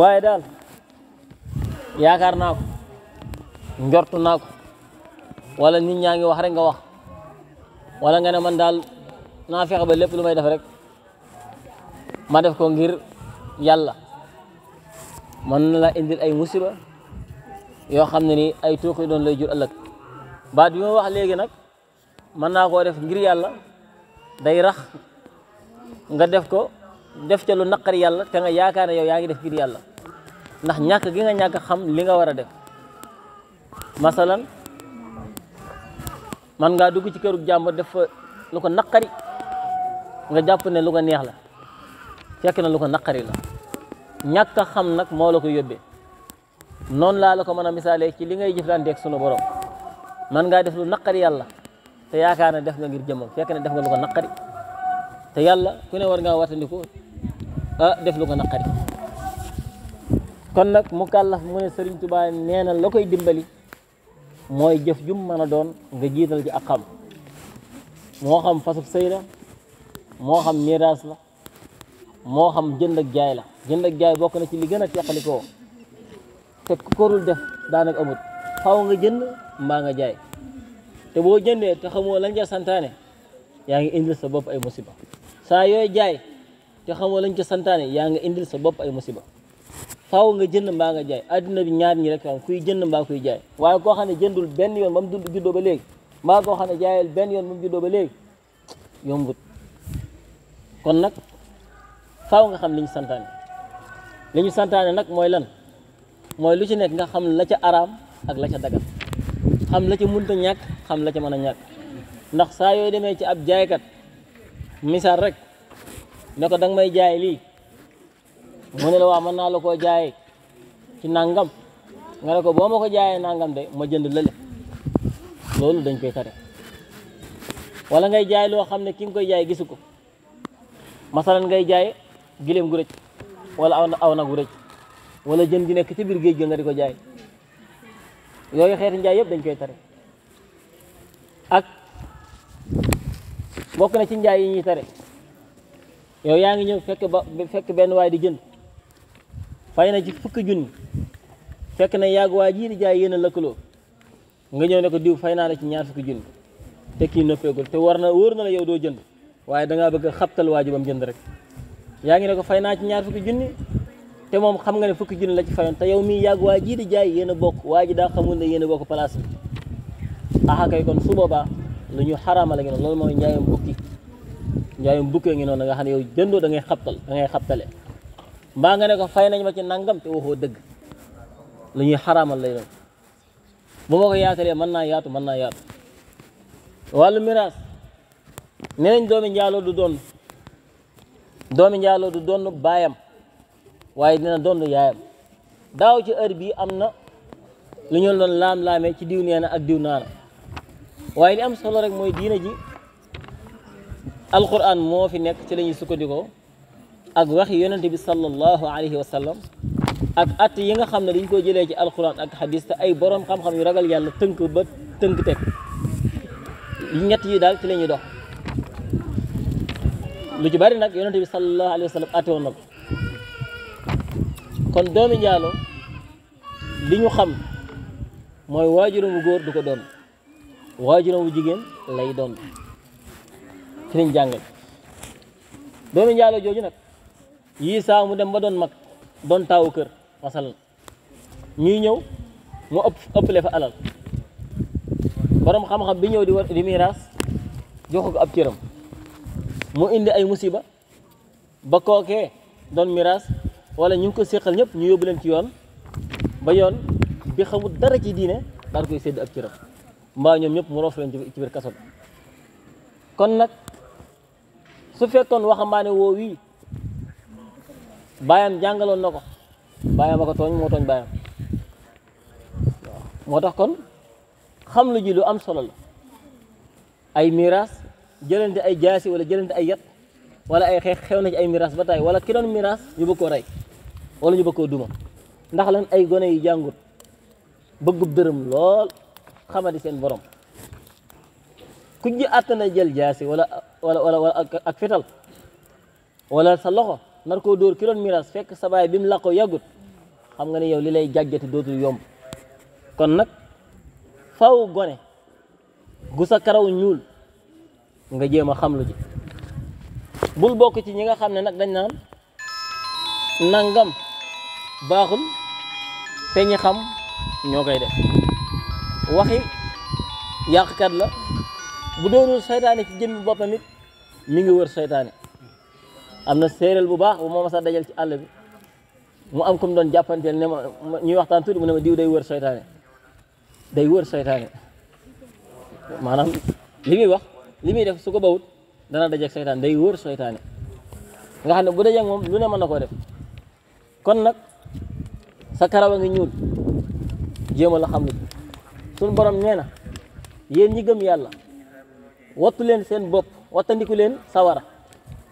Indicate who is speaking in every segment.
Speaker 1: waaye daal yaakaar naa ko njortu naa ko wala nit ñaa ngi wax rek nga wax wala nga ne man daal naa fexe ba lépp lu may def rek ma def ko ngir yàlla man na la indil ay musiba yoo xam ni ay tuuki doon lay jur ëllëg baat bi ma wax léegi nag man naa koo def ngir yàlla day rax nga def ko def ci lu nakar yalla te nga yaakaar yow yaangi ngi def ngir yalla ndax ñak gi nga ñak xam li nga wara def masalan man nga dugg ci këru jàmbur def lu ko nakari nga japp ne lu ko neex la fekk na lu ko nakari la ñak xam nak mo la ko yobbe non la la ko mëna misale ci li ngay jëflanteeg suñu borom man nga def lu nakari yalla te yaakaar def nga ngir fekk na def nga lu ko nakari te yalla ku ne war nga watandiko ah def lu ko naqari kon nag mu kàllaf ne Sëriñ Tuubaa nee la koy dimbali moy jëf jum mën a doon nga jiital ci ak xam moo xam fasub sëy la moo xam miraas la moo xam jënd ak jaay la jënd ak jaay bokk na ci li gën a te ku korul def daanaka amut xaw nga jënd mbaa nga jaay te boo jëndee te xamoo lañ ja santaane yaa ngi sa bopp ay musiba saa yooy jaay te xamoo lañ ca santaane yaa nga indil sa bopp ay musiba faw nga jënd mbaa nga jaay adduna bi ñaar ñi rek kuy jënd mbaa kuy jaay waaye koo xam ne jëndul benn yoon ba mu dund juddoo ba léegi mbaa koo xam ne jaayal benn yoon ba mu juddoo ba léegi yombut kon nag faw nga xam li ñu santaane li santaane nag mooy lan mooy lu ci nekk nga xam la ca araam ak la ca dagan xam la ca munta ñàkk xam la ca mën a ñàkk ndax saa yooy demee ci ab jaaykat misaal rek ne ko da nga may jaay lii mu ne la waa mën naa la koo jaayee ci nangam nga ne ko boo ma ko jaayee nangam de ma jënd lële loolu dañ koy tere wala ngay jaay loo xam ne ki nga koy jaay gisu ko masalan ngay jaay gileem gu rëcc wala aw aw nag gu rëcc wala jën gi nekk ci biir géej ga nga di ko jaay yooyu xeeti njaay yëpp dañ koy tere ak bokk ne ci njaay yi ñuy tere yow yaangi ñew fekk ba fekk ben way di jënd fayna na ci fukk junni fekk na yag waaji di jaay yéen a nga ñew ne ko diw fayna la ci ñaar fukk junni te ki neppegul te warna na la yow do jënd da nga bëgg xaptal waaji bam jënd rek yaangi ne ko fayna ci ñaar fukki junni te mom xam nga ne fukk junni la ci fayon te yow mi yag waaji di jaay yéen bok waaji da xamul ne yéen bok place bi kay kon su boba lu ñu harama la gën lool moy ñaayam bokki njaayum bukkee ngi noonu nga xam ne yow jëndoo da ngay xabtal da ngay xabtale mbaa nga ne ko fay nañ ma nangam te waxoo dëgg lu ñuy xaraamal lay doon bu ma ko yaatalee mën naa yaatu mën naa yaatu wàllu miraas nee nañ doomi njaaloo du doon doomi njaaloo du doon baayam waaye dina doon yaayam daaw ci heure bii am na lu ñu doon laam laame ci diw nee na ak diw naana waaye li am solo rek mooy diina ji alquran moo fi nekk ci la ñuy sukkandikoo ak waxi yonente bi sallallahu alayhi wa sallam ak at yi nga xam ne dañ ko jëlee ci alquran ak xadis te ay borom xam-xam yu ragal yàlla tënk ba tënk teg ñett yi daal ci la ñuy dox lu ci bari nag yonente bi sallallahu alayhi wa sallam ate woon na ko kon doomi njaalo li ñu xam mooy waajuram wu góor du ko doon waajuram wu jigéen lay doon ci liñ jàngal doomi njaaloo jooju nag yii saa mu dem ba doon mag doon taawu kër masalan ñuy ñëw mu ëpp ëpple fa alal borom xam-xam bi ñëw di war di miraas jox ko ab cëram mu indi ay musiba ba kookee doon miraas wala ñu ngi ko séqal ñëpp ñu yóbbu leen ci yoon ba yoon bi xamul dara ci diine daal koy sédd ab cëram mbaa ñoom ñëpp mu roof leen ci biir kaso kon nag su fekkoon waxambaane woo wii baayam jàngaloon na ko baayam a ko tooñ moo tooñ baayam moo tax kon xam lu ji lu am solo la ay miraas jëlante ay jaasi wala jëlante ay yat wala ay xeex xew na ci ay miraas ba tey wala ki doon miraas ñu bëgg koo rey wala ñu bëgg koo duma ndax lan ay gone yi jàngut bëggub dërëm lool xamadi seen borom ku ji àtt jaasi wala wala wala ak fetal wala sa loxo nar koo dóor ki doon miiras fekk sa baay bi mu làqoo yàggut xam nga ne yow li lay jàjjati dootul yomb kon nag faw gone gu sa karaw ñuul nga jéem a xam lu ji bul bokk ci ñi nga xam ne nag dañ naan nangam baaxul te xam ñoo koy def waxi yàqkat la bu doonul saytaane ci jëmmi boppam it mi ngi wër seytaane am na séeréel bu baax bu ma masa dajal ci àll bi mu am comme doon jàppanteel ne ñuy waxtaan tuuti mu ne ma diw day wër seytaane day wër seytaane maanaam li muy wax li muy def su ko dana dajeeg seytaane day wër seytaane nga xam ne bu dajeeg moom lu ne mën na koo def kon nag sa karaw a ngi ñuul jéem a la xam suñu borom nee na yéen ñi gëm yàlla wattu leen seen bopp wattandiku leen sawara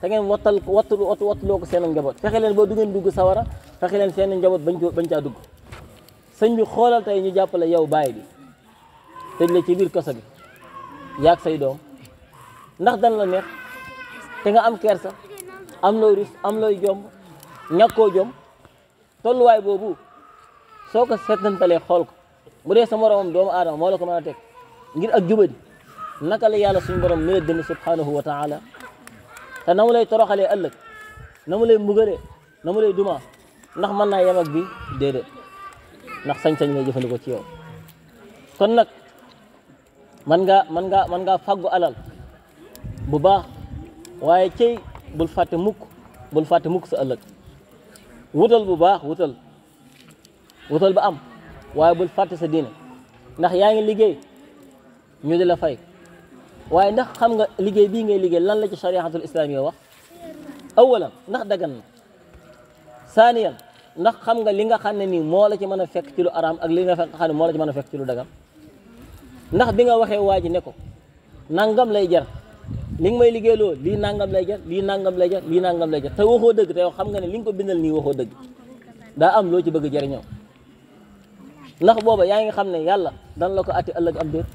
Speaker 1: te ngeen wattal wattu wattu loo ko seen njaboot fexe leen ba du ngeen dugg sawara fexe leen seen njaboot bañ bañ caa dugg sëñ bi xoolal tey ñu jàppale yow baay bi tëj la ci biir kaso bi yaag say doom ndax dan la neex te nga am kersa am looy rus am looy jomb ñàkkoo jom tolluwaay boobu soo ko seetantalee xool ko bu dee sa moroomam doomu aadama moo la ko mën a teg ngir ak jubadi naka la yàlla suñu borom mi la dënd subhanahu wa taala te na toroxalee ëllëg na mu lay mbugalee na mu lay ndax mën naa yem ak bi déedéet ndax sañ-sañ lay jëfandikoo ci yow kon nag man nga man ngaa man ngaa fàggu alal bu baax waaye cey bul fàtte mukk bul fàtte mukk sa ëllëg wutal bu baax wutal wutal ba am waaye bul fàtte sa diine ndax yaa ngi liggéey ñu di la fay waaye ndax xam nga liggéey bii ngay liggéey lan la ci chariatul islamiya wax awalan ndax dagan na saaniyan ndax xam nga li nga xam ne nii moo la ci mën a fekk ci lu araam ak li nga xam ne la ci mën a fekk ci lu dagan ndax bi nga waxee waa ji ne ko nangam lay jar li nga may liggéeyloo lii nangam lay jar lii nangam lay jar lii nangam lay jar te waxoo dëgg te xam nga ne li ko bindal nii waxoo dëgg daa am loo ci bëgg jariñoo ndax booba yaa ngi xam ne yàlla dan la ko atti ëllëg am déet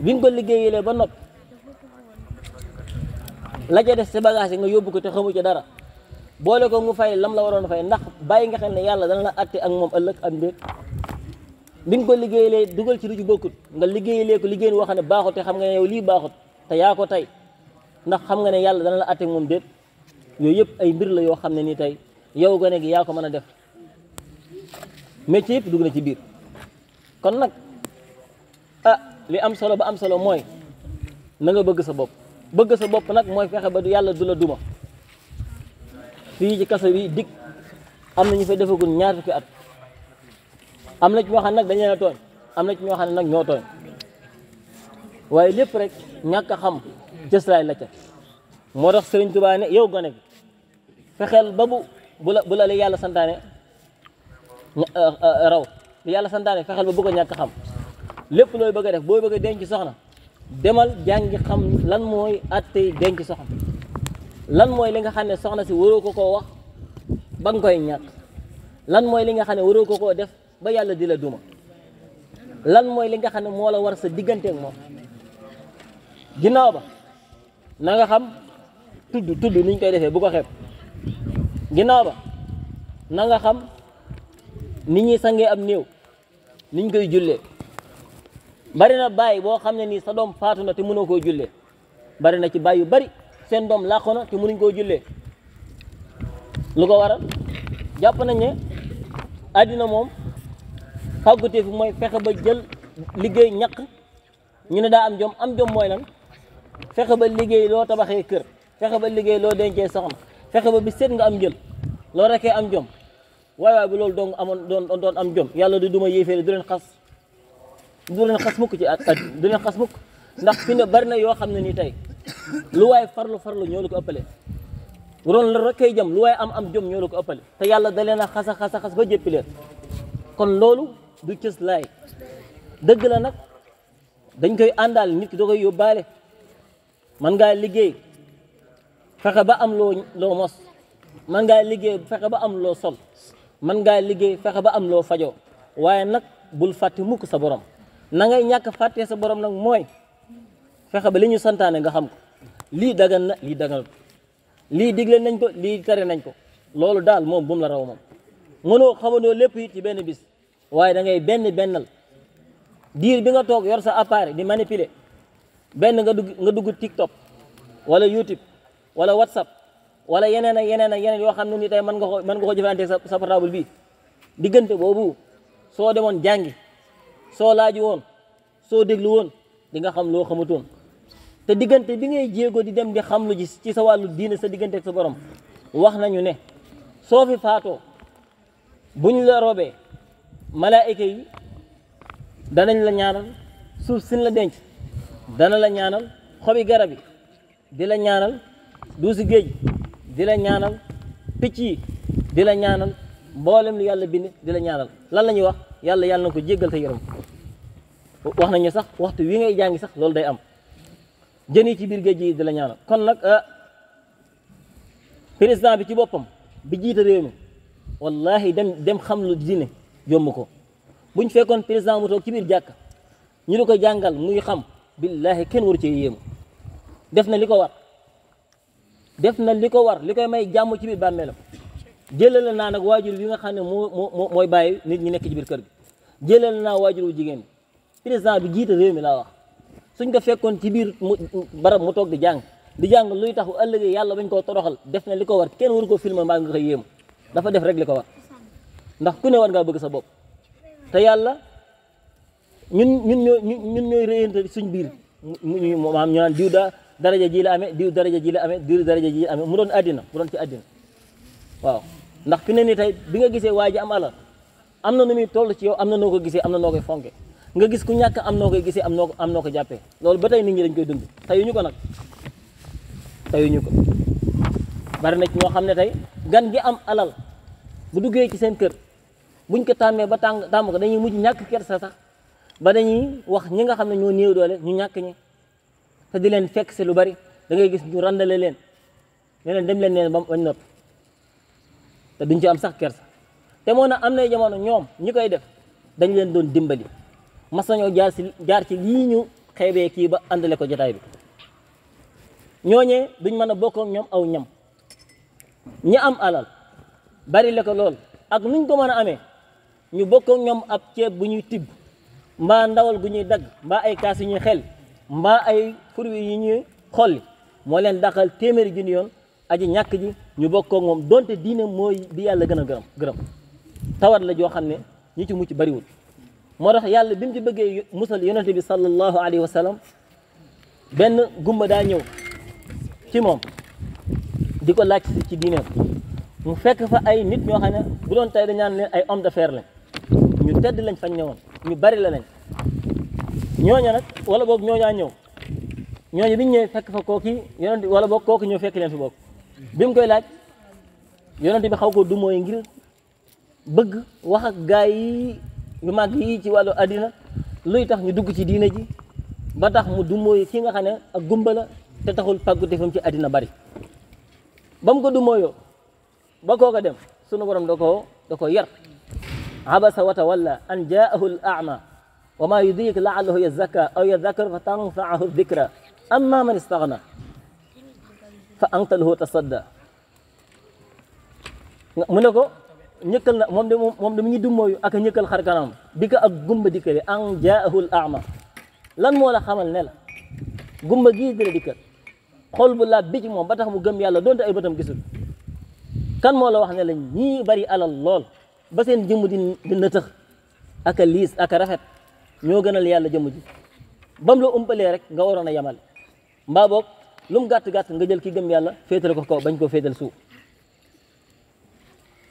Speaker 1: bi nga ko liggéeyalee ba noppi la ca des sa bagage nga yóbbu ko te xamu ci dara boole ko mu fay lam la waroon fay ndax bàyyi nga xam ne yàlla dana la àtte ak moom ëllëg am mbir bi nga ko liggéeyalee dugal ci lu ci bokkut nga liggéeyalee ko liggéey woo xam ne baaxut te xam nga ne yow baaxut te yaa ko tey ndax xam ne yàlla dana la àtte ak moom déet yooyu yëpp ay mbir la yoo xam ne nii tey yow gone gi yaa ko mën a def métier yëpp dug na ci biir kon nag ah, li am solo ba am solo mooy nanga bëgg sa bopp bëgg sa bopp nag mooy fexe ba du yàlla du la duma fii ci kasa bi dikk am na ñu fay defagul ñaar fukki at am na ci ñoo nag dañu leen a am na ci ñoo xam ne nag ñoo tooñ waaye lépp rek ñàkk a xam cëslaay la ca moo tax Sëriñ Tuubaa ne yow gone bi fexeel ba bu bu la la yàlla santaane raw li yàlla santaane fexeel ba bu ko ñàkk xam lépp looy bëgg a def booy bëgg a denc soxna demal jàngi xam lan mooy attey denc soxna lan mooy li nga xam ne soxna si waroo ko koo wax bang koy ñàkk lan mooy li nga xam ne waroo ko koo def ba yàlla di la duma lan mooy li nga xam ne moo la war sa digganteeg moom ginnaaw ba na nga xam tudd tudd niñ koy defee bu ko xeeb ginnaaw ba na nga xam ni ñuy sangee am néew niñ koy jullee bari na baay boo xam ne nii sa doom faatu na te mënoo koo jullee bari na ci bàyyi yu bari seen doom làqu na te mënuñ koo jullee lu ko waral jàpp nañ ne àddina moom fàggutee fi mooy fexe ba jël liggéey ñaq ñu ne daa am jom am jom mooy lan fexe ba liggéey loo tabaxee kër fexe ba liggéey loo dencee soxna fexe ba bi seet nga am jël loo rekkee am jom waaye waaye bu loolu dong doon am jom yàlla di duma yéeféeri du leen xas du leen xas mukk ci at du leen xas mukk ndax fi ne bari na yoo xam ne nii tey lu waaye farlu farlu ñoo la ko ëppale roon la rekkay jëm lu waaye am am jëm ñoo ko ëppale te yàlla da leen a xas a xas a ba jéppi kon loolu du cës laay dëgg la nag dañ koy àndaal nit ki da koy yóbbaale man ngaa liggéey fexe ba am loo loo mos man ngaa liggéey fexe ba am loo sol man ngaa liggéey fexe ba am loo fajoo waaye nag bul fàtte mukk sa borom na ngay ñak faté ya sa borom nak moy fexe ba li ñu nga xam ko li dagan na li dagal li digle nañ ko li tere nañ ko lolu dal mom bu mu la raw mom mëno xamono lepp yi ci benn bis waye da ngay benn bennal dir bi nga tok yor sa appareil di manipuler benn nga dug nga dug TikTok wala YouTube wala WhatsApp wala yenen ak yenen ak yenen yo xamni ni tay man nga ko man nga ko jëfante sa portable bi digënté bobu so demone jàngi soo laaju woon soo déglu woon di nga xam loo xamutoon te diggante bi ngay jéego di dem di xam lu ji ci sa wàllu diine sa diggante ak sa borom wax nañu ne soo fi faatoo buñ la robee malaayika yi danañ la ñaanal suuf sin la denc dana la ñaanal xobi garab yi di la ñaanal duusi géej di la ñaanal picc yi di la ñaanal mboolem lu yàlla bind di la ñaanal lan la ñuy wax yàlla yàlla na ko jéggal te yërëm wax nañu sax waxtu wi ngay jàngi sax loolu day am jën yi ci biir géej gi di la kon nag ah, président bi ci boppam bi jiite réew mi wallahi dem dem xam loo diine yomb ko buñ fekkoon président mu toog ci biir jàkka ñu di ko jàngal muy xam billahi kenn waru ci yéemu def na li ko war def na li ko war li koy may jàmm ci biir bàmmeelam jëlal naa nag waajur bi nga xam ne moo moo mooy bàyyi ñi nekk ci biir kër gi jëlal naa waajur wu jigéen président bi jiite réew mi la wax suñ ko fekkon ci bir barab mu tok di jang di jang luy taxu ëllëgë yalla bañ ko toroxal def na liko war kenn waru ko film ma nga ko yëm dafa def rek liko war ndax ku ne war nga bëgg sa bop te yalla ñun ñun ñoy ñun ñoy réyante suñ bir maam ñu diw da daraja ji la amé diw daraja ji la amé diw daraja ji amé mu doon adina mu doon ci adina waaw ndax ku ne ni tay bi nga gisee waa am ala amna nu muy toll ci yow amna noo ko gisee am noo koy nga gis ku ñàkk am noo koy gisee am noo ko am noo ko jàppee loolu ba tey nit ñi dañ koy dund ñu ko nag tayuñu ko bari na ci ñoo xam ne tey gan gi am alal bu duggee ci seen kër buñ ko tàmmee ba tàng tàmm ko dañuy mujj ñàkk kersa sax ba dañuy wax ñi nga xam ne ñoo néew doole ñu ñàkk ñi te di leen fekk si lu bari da ngay gis ñu randale leen ne leen dem leen neen ba bañ noppi te duñ ci am sax kersa te moo na am na jamono ñoom ñu koy def dañ leen doon dimbali mas nañoo jaar si jaar ci lii ñu xeebee kii ba àndale ko jotaay bi ñooñee duñ mën a bokk ñoom aw ñam ñi am alal bari la ko lool ak nuñ ko mën a amee ñu bokk ñoom ab ceeb bu ñuy tibb mbaa ndawal gu ñuy dagg mbaa ay kaas yu ñuy xel mbaa ay furwi yu ñuy xolli moo leen daqal téeméeri junni yoon aji ñàkk ji ñu bokk moom donte diine mooy bi yàlla gën a gërëm gërëm tawat la joo xam ne ñi ci mucc bariwul moo tax yàlla bi mu ci bëggee musal yonente bi sallallahu alayhi wa sallam benn gumba daa ñëw ci moom di ko laaj ci diineem mu fekk fa ay nit ñoo xam ne bu doon tey dañaan leen ay homme d'affaires lañ ñu tedd lañ fañ ñëwoon ñu bari la lañ ñooña nag wala boog ñooñaa ñëw ñooñu biñ ñëwee fekk fa kooki yonente wala boog kooki ñëw fekk leen fi boog bi mu koy laaj yonente bi xaw ko du mooy ngir bëgg wax ak gaa yi yu mag yi ci walu adina luy tax ñu dugg ci diine ji ba tax mu du moy ki nga xane ak gumba la te taxul pagu defam ci adina bari bam ko du moyo ba ko kooka dem sunu borom dako dako yar abasa wa tawalla an jaahu al ama wa ma yudrik laallahu yazakka aw yadhakkar fa tanfaahu dhikra amma man istaghna fa anta lahu tasadda mu ñëkkal na moom de moom de mi ngi dummóoyu ak a ñëkkal xar bi ko ak gumba dikkale an jaahul ama lan moo la xamal ne la gumba gii di la dikkal xol bu laab bi ci moom ba tax mu gëm yàlla doonte ay bëtam gisul kan moo la wax ne la ñii bari alal lool ba seen jëmm di di nëtëx ak liis ak a rafet ñoo gënal yàlla jëmm ji bam la umpalee rek nga waroon a yamal mbaa boog lu mu gàtt nga jël ki gëm yàlla féetale ko kaw bañ koo féetal suuf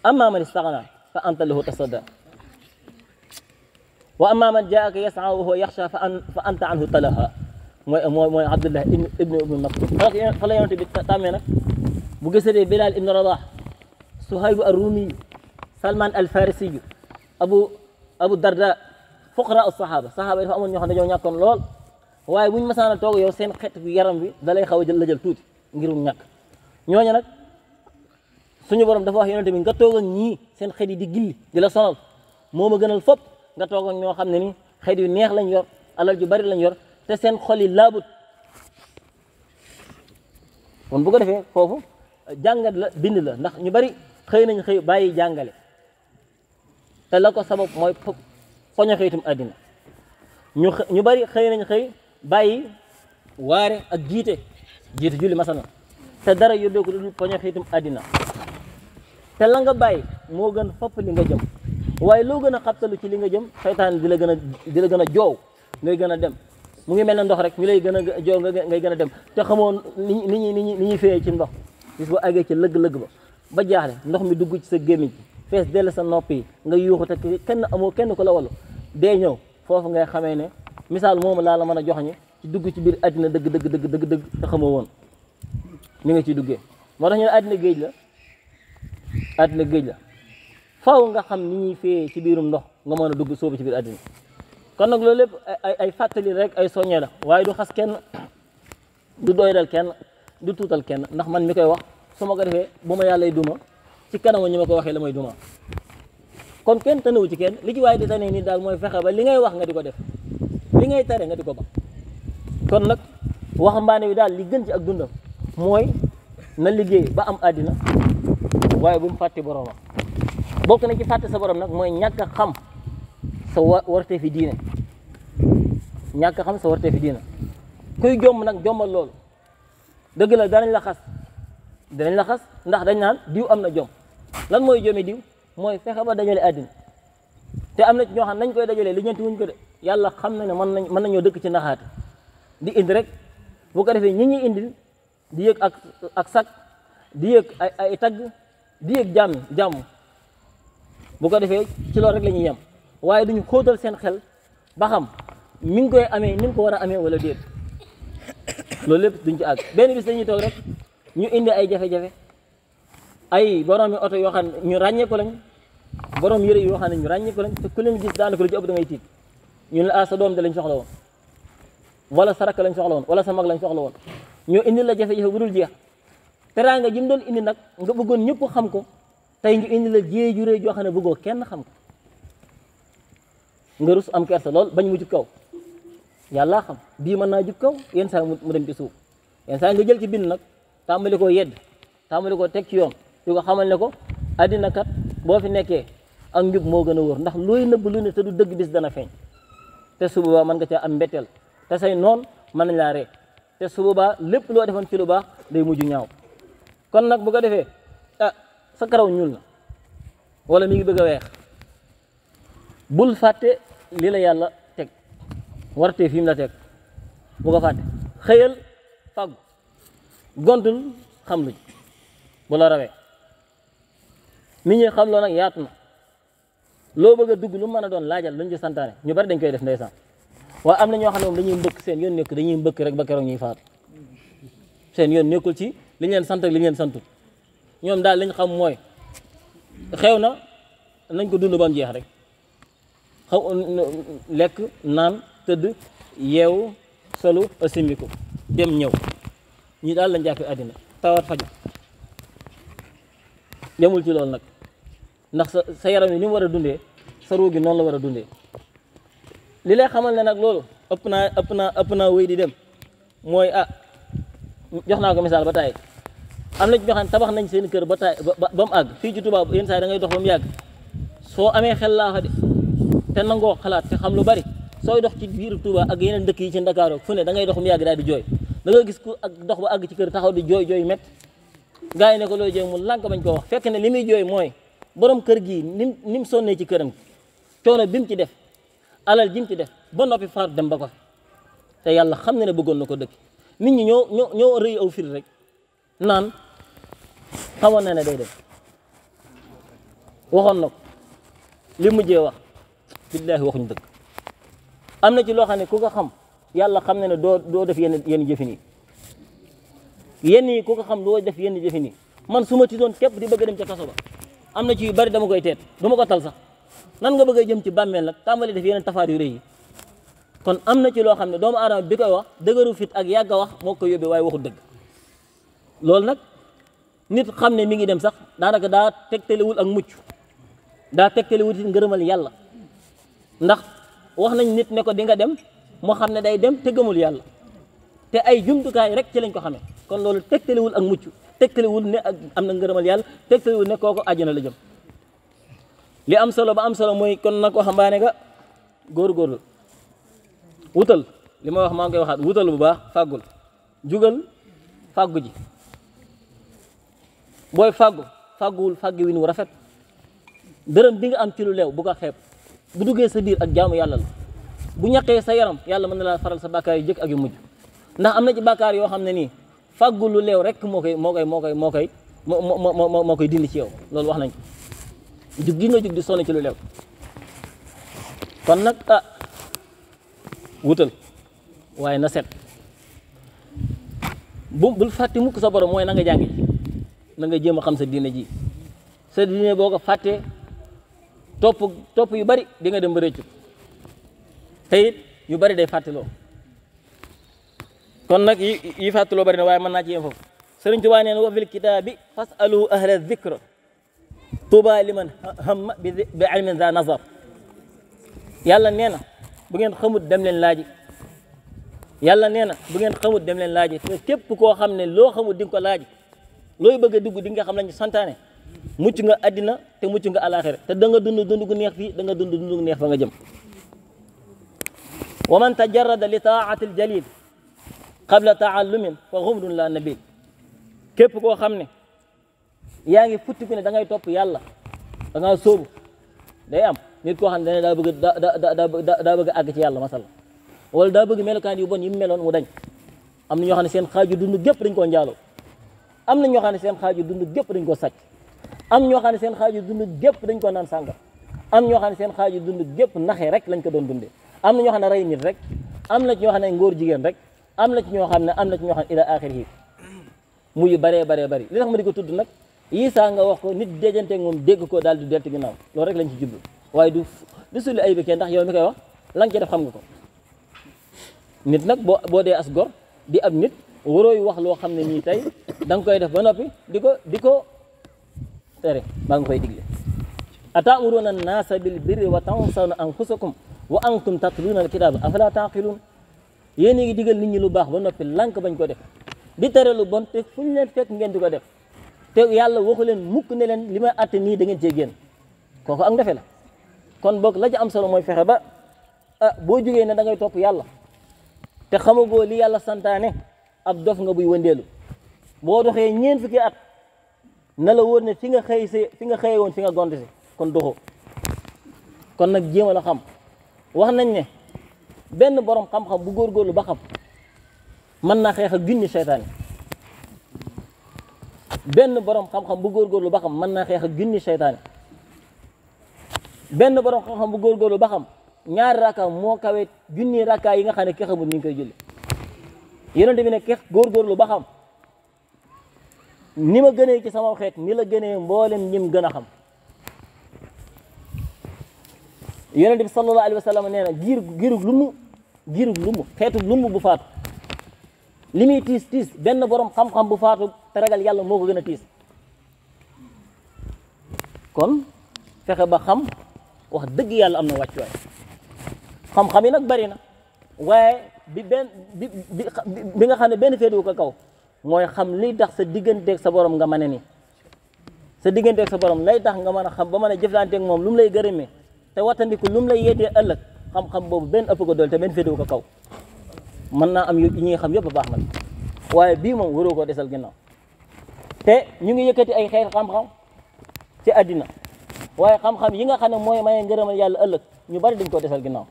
Speaker 1: أما من استغنى فأنت له تصدى وأما من جاءك يسعى وهو يخشى فأنت عنه تلهى عبد الله ابن ابن مكتوب فلا ينتهي بالتأمينة بقصر بلال ابن رضاح سهيب الرومي سلمان الفارسي أبو أبو الدرداء فقراء الصحابة صحابة يفهمون يوحنا جون يكون لول واي وين مثلا توغ يوسين خيت في يرم في دالي خوي توت نيرو نياك نيو نياك suñu borom dafa wax yonente nga toog ak ñii seen xet di gilli di la sonal moo ma gënal fop nga toog ak ñoo xam ne ni xet yu neex lañ yor alal ju bari lañ yor te seen xol yi laabut kon bu ko defee foofu jàngat la bind la ndax ñu bari xëy nañ xëy bàyyi jàngale te ko sabab mooy poña xëytum àddina ñu ñu bari xëy nañ xëy bàyyi waare ak jiite jiite julli masana te dara yóbbee ko dul poña xëytum àddina te la nga bàyyi moo gën fopp li nga jëm waaye loo gën a xabtalu ci li nga jëm seytaane di la gën a di la gën a joow ngay gën a dem mu ngi mel ne ndox rek ñu lay gën a joow ngay gën a dem te xamoon ni ñuy ni ñuy ni ñuy feeyee ci ndox bis bu àggee ci lëgg lëg ba ba jaaxle ndox mi dugg ci sa gémmiñ gi fees dell sa nopp yi nga yuuxu te kenn amoo kenn ku la wallu dee ñëw foofu ngay xamee ne misaal moomu laa la mën a joxañu ci dugg ci biir àddina dëgg dëgg dëgg dëgg dëgg te xamoo woon ni nga ciy duggee moo tax ñu ne àddina géej la àddina géej la faw nga xam ni ñuy fee ci biirum ndox nga mën a dugg soobu ci biir àddina kon nag loolu lépp ay fàttali rek ay soñee la waaye du xas kenn du doydal kenn du tuutal kenn ndax man mi koy wax su ma ko defee bu ma yàllay duma ci kanam ñi ma ko waxee la mooy duma kon kenn tanewu ci kenn li ci waaye di tane nii daal mooy fexe ba li ngay wax nga di ko def li ngay tere nga di ko ba kon nag waxambaane wi daal li gën ci ak dundam mooy na liggéey ba am àddina waaye bu mu fàtte boroomam bokk na ci fàtte sa borom nag mooy ñàkk a xam sa warte fi diina ñàkk a xam sa warte fi diine kuy jomb nag jombal loolu dëgg la danañ la xas danañ la xas ndax dañ naan diw am na jom lan mooy jomi diw mooy fexe ba dajale àddina te am na ci ñoo xam nañ koy dajalee li ñeenti wuñ ko de yàlla xam na ne mën nañ mën nañoo dëkk ci naxaate di indi rek bu ko defee ñi ñuy indil di yëg ak ak sac di yëg ay ay tagg di ak jàmm jàmm bu ko defee ci loolu rek la ñuy yem waaye duñu xóotal seen xel ba xam mi ngi koy amee ni mu ko war a amee wala déet loolu lépp duñ ci àgg benn bis dañuy toog rek ñu indi ay jafe-jafe ay borom oto yoo xam ne ñu ràññeeku lañ borom yëre yoo xam ne ñu ràññeeku lañ te ku leen gis daanaka lu ci ëpp da ngay tiit ñu ne ah sa doom de lañ soxla woon wala sa rakk lañ soxla woon wala sa mag lañ soxla woon ñu indi la jafe-jafe bu dul jeex. teraanga ji mu doon indi nag nga bëggoon ñëpp xam ko tey ñu indi la jéey ju réy joo xam ne bëggoo kenn xam ko nga rus am kersa lool bañ mu kaw kaw laa xam bii mën naa jub kaw yenn mu dem ci suuf yenn nga jël ci bind nag tàmbali koo yedd tàmbali koo teg ci yoon di ko xamal ne ko addina kat boo fi nekkee ak njub moo gën a wóor ndax looy nëbb lu ne te du dëgg bis dana feeñ te su boobaa mën nga caa am mbetteel te say noon mën nañ laa te su boobaa lépp loo defoon ci lu baax day mujj ñaaw kon nag bu ko defee ah sa karaw ñuul la wala mi ngi bëgg a weex bul fàtte li la yàlla teg wartee fi mu la teg bu ko fàtte xëyal fàggu gontul xam luñ bu la rawee mi ñuy xam loo nag na loo bëgg a dugg lu mën a doon laajal luñ ci santaane ñu bari dañ koy def ndeysaan waaye am na ñoo xam ne moom dañuy mbëkk seen yoon nekk dañuy mbëkk rek ba keroog ñuy faatu seen yoon nekkul ci li ñu leen sant li ñu leen santu ñoom daal lañ xam mooy xew na nañ ko dund ba mu jeex rek xaw lekk naan tëdd yeew solu asimiku dem ñëw ñi daal lañ jàppee àddina tawat faju demul ci loolu nag ndax sa sa yaram yi ni war a dundee sa ruu gi noonu la war a dundee li lay xamal ne nag loolu ëpp naa ëpp naa wéy di dem mooy ah jox naa ko misaal ba tàyyi am na ci ñoo xam ne nañ seen kër ba taay ba mu àgg fii ci Touba yenn saa yi da dox ba mu yàgg soo amee xel laaxa de te nangoo xalaat te xam lu bari soo dox ci biir Touba ak yeneen dëkk yi ci Ndakaaru fu ne da ngay dox ba mu yàgg daal jooy da gis ku ak dox ba àgg ci kër taxaw di jooy jooy métti gars yi ne ko looy jooy mu lànk bañ koo wax fekk ne li muy jooy mooy borom kër gi nim ni mu ci këram coono dim ci def alal ji mu ci def ba noppi faar dem ba ko te yàlla xam na ne bëggoon na ko dëkk nit ñi ñoo ñoo ñoo rek nan, xamoon na ne day def waxon nak ko li mujjee wax billahi waxuñu deug amna na ci lo xam ne ku ko xam yalla xam na ne do doo def yene yene jëfin yene yi ku ko xam do def yene man suma ti don kep di bëgg dem ci kasso ba amna ci yu bari dama koy duma ko tal sax nan nga bëgg jëm ci bammel nak tàmbali def yene tafar yu reey kon amna ci lo xam doomu aadama bi koy wax degeeru fit ak yagga wax moko yobbe way waxu deug loolu nag nit xam ne mi ngi dem sax daanaka daa tegtalewul ak mucc daa tegtalewul it ngërëmal yàlla ndax wax nañ nit ne ko di nga dem moo xam ne day dem te gëmul yàlla te ay jumtukaay rek ci lañ ko xamee kon loolu tegtalewul ak mucc tegtalewul ne ak am na ngërëmal yàlla tegtalewul ne kooku àjjana la jëm li am solo ba am solo mooy kon nag waxambaane nga góorgóorlu wutal li ma wax maa ngi koy waxaat wutal bu baax fàggul jugal fàggu ji boy fagu fagul, fàggi win rafet deureum bi nga am ci lu lew bu ko xeb bu duggé sa bir ak jaamu yalla bu ñaké sa yaram yalla mën la faral sa bakkar yu jëkk ak yu mujj ndax Fagul ci bakkar yo xamné ni nii lu lew rek moo koy moo koy moo koy moo koy moo moo koy dindi ci yow lool wax nañ ko gi nga jug di sonn ci lu lew kon nak ah wutal waye na set bu bul fatimu ko sa borom moy na nga jangi na nga jéem a xam sa diine ji sa diine boo ko topp yu bari di nga dem ba rëccu yu bari day fàttaloo kon nag yi yi fàttaloo bari na waaye mën naa ci yem foofu sëriñ Tuubaa nee na wa fil kitaabi fas aluhu ahla dikra tuuba liman hamma bi ilmin za nazar yàlla nee na bu ngeen xamut dem leen laaji yàlla nee na bu ngeen xamut dem leen laaji te képp koo xam ne loo xamut di ko laaji looy bëgg dugg di nga xam lañu santane mucc nga adina te mucc nga alakhir te da nga dund dund gu neex fi da nga dund dund gu neex fa nga jëm wa man tajarrada li taati al jalil qabla taallumin fa ghumdun la nabi kep ko xamne yaangi futti ko ne da ngay top yalla da nga sóobu day am nit ko xamne da dane bëgg da da bëgg ag ci yalla masala wala da bëgg melokan yu bon yim melon mu dañ am na ñoo xam seen xaju dund gep dañ ko njaaloo am na ñoo xam ne seen xaaju dund gépp dañ ko sàcc am ñoo xam ne seen xaaju dund gépp dañ ko naan sànga am ñoo xam ne seen xaaju dund gépp naxee rek lañ ko doon dunde am na ñoo xam ne rey nit rek am na ci ñoo xam ne ngóor jigéen rek am na ci ñoo xam ne am na ñoo xam ne ila axiri muy baree baree bari li tax ma di ko tudd nag yii saa nga wax ko nit déjante moom dégg ko daal di deltu ginnaaw loolu rek lañ ci jublu waaye du du sulli ay bi kenn ndax yow mi koy wax la nga def xam nga ko nit nag boo boo dee as gor di ab nit warooy wax loo xam ne nii tey da koy def ba noppi di ko di ko tere baa nga koy digle ata'muruna an-nasa bil birri wa tansawna anfusakum wa antum tatluna al-kitaba afala taqilun yéen a ngi digal nit ñi lu baax ba noppi lànk bañ ko def di tere lu bon te fu leen fekk ngeen di ko def te yàlla waxu leen mukk ne leen li may àtte nii da ngeen cee génn kooku ak ndefe la kon boog la ca am solo mooy fexe ba a ah, boo jógee ne da ngay topp yàlla te xamagoo li yàlla santaane ab dof nga buy wëndeelu boo doxee ñeent fi at na la wóor ne fi nga xëy si fi nga xëy woon fi nga gont si kon doxo kon nag jéem a xam wax nañ ne benn borom xam-xam bu góorgóorlu ba xam mën naa xeex ak junni seytaane benn borom xam-xam bu góorgóorlu ba xam mën naa xeex ak junni seytaane benn borom xam-xam bu góorgóorlu ba xam ñaari rakka moo kawe junni rakka yi nga xam ne ki xamul ni ñu koy julli yonent bi ne keex góorgóorlu ba xam. ni ma gënee ci sama xeet ni la gënee mboolem ñim gën a xam yonente bi sallallahu alayhi wa sallam nee na giir giirug lumu giirug lumu xeetug lumu bu faatu li muy tiis tiis benn borom xam-xam bu faatu te ragal yàlla moo ko gën a tiis kon fexe ba xam wax dëgg yàlla am na wàccuwaay xam-xam yi nag bari na waaye bi benn bi bi nga xam ne benn féetu ko kaw mooy xam liy tax sa digganteek sa borom nga mën a ni sa digganteeg sa borom lay tax nga mën a xam ba mën a jëflanteeg moom lu mu lay gërëmee te wattandiku lu mu lay yeddee ëllëg xam-xam boobu benn ëpp ko dool te benn féetewu ko kaw mën naa am yu ñi xam yëpp baax na waaye bii moom waroo koo desal ginnaaw te ñu ngi yëkkati ay xeer xam-xam ci àddina waaye xam-xam yi nga xam ne mooy maye ngërëmal yàlla ëllëg ñu bari dañ koo desal ginnaaw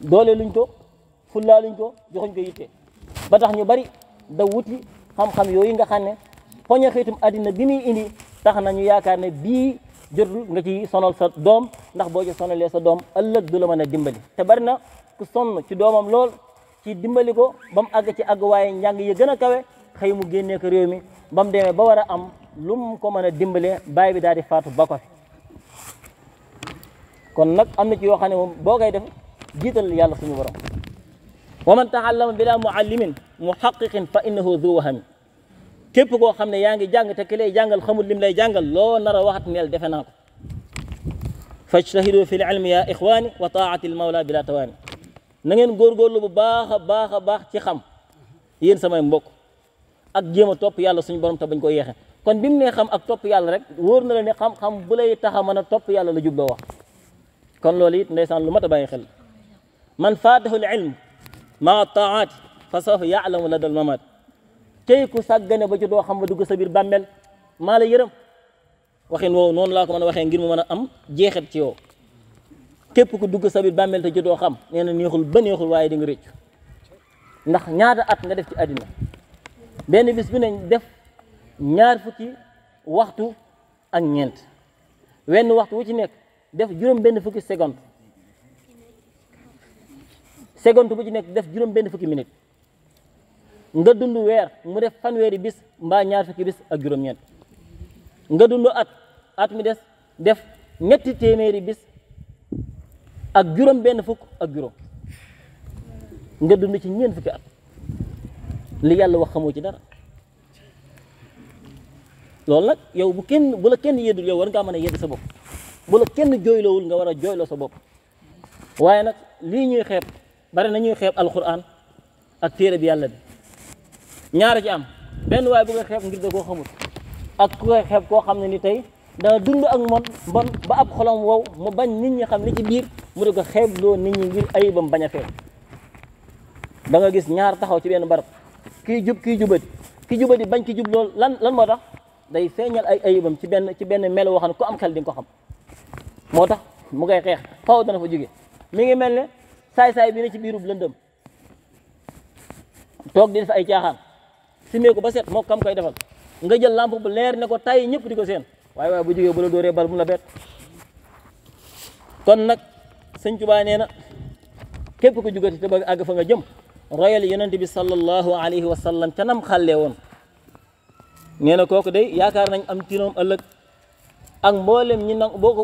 Speaker 1: doole luñ ko fullaa luñ ko joxuñ ba tax ñu bari nda wuti xam-xam yooyu nga xam ne poña xiitum addina bi muy indi tax nañu yaakaar ne bii jotul nga ci sonal sa doom ndax boo ci sonalee sa doom ëllëg dula la mën a dimbali te bari na ku sonn ci doomam lool ci dimbali ko ba mu àgg ci àgg waaye njàng yi gën a kawe xëy mu génnee ko réew mi ba mu demee ba war a am lu mu ko mën a dimbale baay bi daal di faatu bako kon nag am na ci yoo xam ne moom boo koy def jiital yàlla suñu borom ومن تعلم بلا معلم محقق فانه ذو وهم كيب كو خامني ياغي جانغ تا كلي جانغال خمول لم لاي جانغال لو نرا واخات نيل ديفناكو فاجتهدوا في العلم يا اخواني وطاعه المولى بلا توان نانين غورغولو بو باخا باخا باخ تي خام يين سماي مبوك اك جيما توب يالا سوني بوروم تا بنج كو ييخه كون بيم ني خام اك توب يالا رك وور نلا ني خام خام بولاي تاخا مانا توب يالا لا جوبلو واخ كون لولي نيسان لو متا باي خيل من فاته العلم ما الطاعات فسوف يعلم لدى الممات كيكو سجن بجدو خم دوغ سبير بامل مال يرم واخين وو نون لاكو مانا واخين غير مو مانا ام جيخت تيو كيب كو دوغ سبير بامل تا جدو خم نينا نيخول بنيخول واي دي ريتش ناخ نياتا ات nga def ci adina ben bis bi ne def ñaar fukki waxtu ak ñent wenn waxtu wu ci nek def juroom ben fukki seconde bu ci nekk def juróom benn fukki minute nga dund weer mu def fanweeri bis mbaa ñaar fukki bis ak juróom-ñeent nga dund at at mi des def ñetti téeméeri bis ak juróom benn fukk ak juróom nga dund ci ñeent fukki at li yàlla wax xamoo ci dara lool nag yow bu kenn bu la kenn yeddul yow war ngaa mën a yedd sa bopp bu la kenn jooyloowul nga war a jooyloo sa bopp waaye nag lii ñuy xeeb bari na ñuy xeeb alquran ak téere bi yàlla bi ñaara ci am benn waaye bu koy ngir da koo xamut ak ku koy xeeb koo xam ne ni tey daa dund ak mon mbon ba ab xolom wow mu bañ nit ñi xam li ci biir mu di ko xeeb loo nit ñi ngir ayibam bañ a feeñ gis ñaar taxaw ci benn barab kii jub kii jubati kii jubati bañ ki jub lool lan lan moo tax day feeñal ay ayibam ci benn ci benn mel woo ko am xel di ko xam moo tax mu koy xeex faw dana fa jóge mi ngi mel ne saay-saay bi ne ci biirub lëndëm toog di def ay caaxaan simee ko ba set moo kam koy defal nga jël lampe bu leer ne ko tay ñëpp di ko seen waaye waaye bu jógee bu la dóoree bal mu la bett kon nag sëñ Tuubaa nee na képp ku jugati te bëgg àgg fa nga jëm royal yonent bi sallallahu alayhi wa sallam ca nam xàllee woon nee na kooku day yaakaar nañ am tinoom ëllëg ak mboolem ñi nag boo ko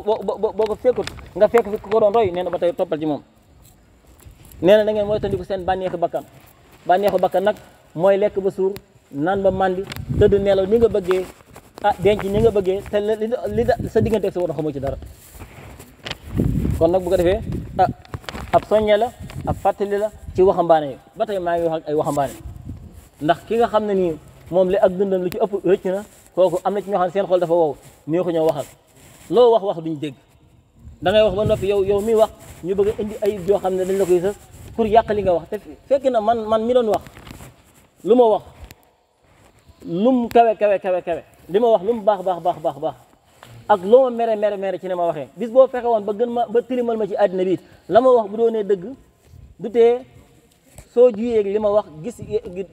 Speaker 1: boo ko fekkut nga fekk fi roy nee na ba tey toppal ci moom nee da ngeen moy moytandiku sen banexu bakam banexu bakam nak moy lek ba sour nan ba mandi tëdd nelaw ni nga bëggee ah denc ni nga bëggee te li sa digënté sa war xamoo ci dara kon nak bu ko defé ah ab soñé la ab fatali la ci waxambaane yi batay ma ngi wax ak ay waxambaane ndax ki nga xamné ni mom li ak dundam lu ci ëpp rëcc na kooku am ci ñoo xam ne seen xol dafa wow ñoo ko ñoo waxal lo wax wax duñu dégg dangay wax ba noppi yow yow mi wax ñu bëgg a indi ayib yoo xam ne dañ la koy sës pour yàq li nga wax te fekk na man man mi doon wax lu ma wax lum kawe kawe kawe kawe li ma wax lum baax baax baax baax baax ak loo ma mere mere mere ci ne ma waxee bis boo fexe woon ba gën ma ba tilimal ma ci àddina bi la ma wax bu doonee dëgg du tee soo juyee li ma wax gis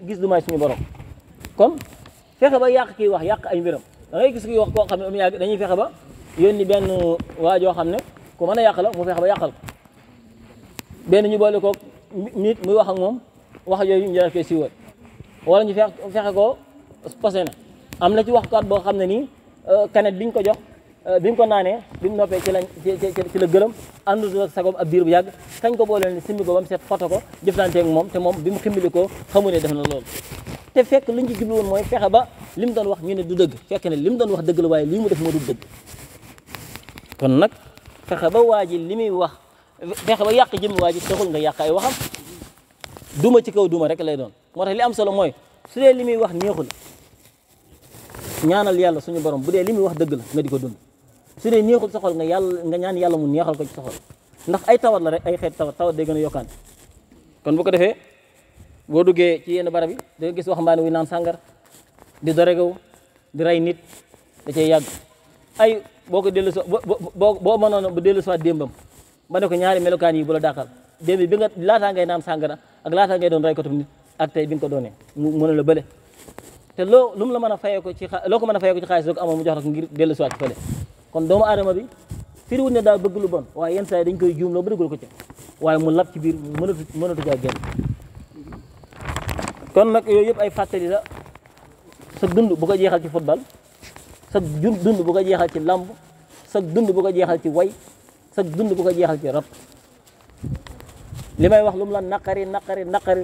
Speaker 1: gis du may suñu borom kon fexe ba yàq kii wax yàq ay mbiram da ngay gis kii wax koo xam ne dañuy fexe ba yónni benn waa joo xam ne ko mën a la mu fexe ba yàqal ko benn ñu boole ko nit muy wax ak moom wax yooyu ñu def koy siiwal wala ñu fex fexe ko posé na am na ci waxkat boo xam ne nii canette euh, biñ ko jox euh, biñ ko naanee biñ noppee ci lañ ci la gërëm àndul ak sagoom ab diir bu yàgg kañ ko boole ni simmi ko ba mu seet foto ko jëflante ak moom te moom bi mu ximmili ko xamu ne def na lool te fekk liñ ci jublu woon mooy fexe ba lim doon wax ñu ne du dëgg fekk ne lim doon wax dëgg la waaye lii mu def moo du dëgg fexe ba waa ji li muy wax fexe ba yàq jëmmi waa ji taxul nga yàq ay waxam duma ci kaw duma rek lay doon moo tax li am solo mooy su dee li muy wax neexul ñaanal yàlla suñu borom bu dee li muy wax dëgg la nga di ko dund su dee neexul sa xol nga yàlla nga ñaan yàlla mu neexal ko ci sa xol ndax ay tawat la rek ay xeet tawat tawat day gën a yokkaan kon bu ko defee boo duggee ci yenn barab yi da nga gis waxambaane wuy naan sàngar di doregaw di rey nit da cay yàgg ay boo ko dellu soo boo boo mënoon bu dellu soo démbam ma ne ko ñaari melokaan yi bu la dàqal démb bi nga laataa ngay naan sàngara ak laataa doon rey ko tam nit ak tey bi ko doonee mu mën la bële te loo lum la mën a fayee ko ci loo mën a fayee ko ci xaalis doo ko amoon mu jox la ko ngir dellu si waat fële kon doomu aadama bi firiwut ne daa bëgg lu bon waaye yenn saa yi dañ koy juum loo ba dugal ko ci waaye mu lab ci biir mënatu mënatu caa génn kon nag yooyu yëpp ay fàttali la sa dund bu ko jeexal ci football sag dund bu ko jeexal ci lamb sag dund bu ko jeexal ci way sag dund bu ko jeexal ci rab li may wax lu mu la naqari naqari naqari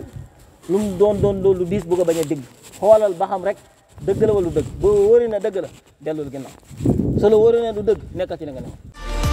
Speaker 1: lu mu doon doon loolu diis bu ko bañ a dégg xoolal ba rek dëgg la wala dëgg boo wóoree na dëgg la dellul ginnaaw su la wóoree na du dëgg nekkal ci li nga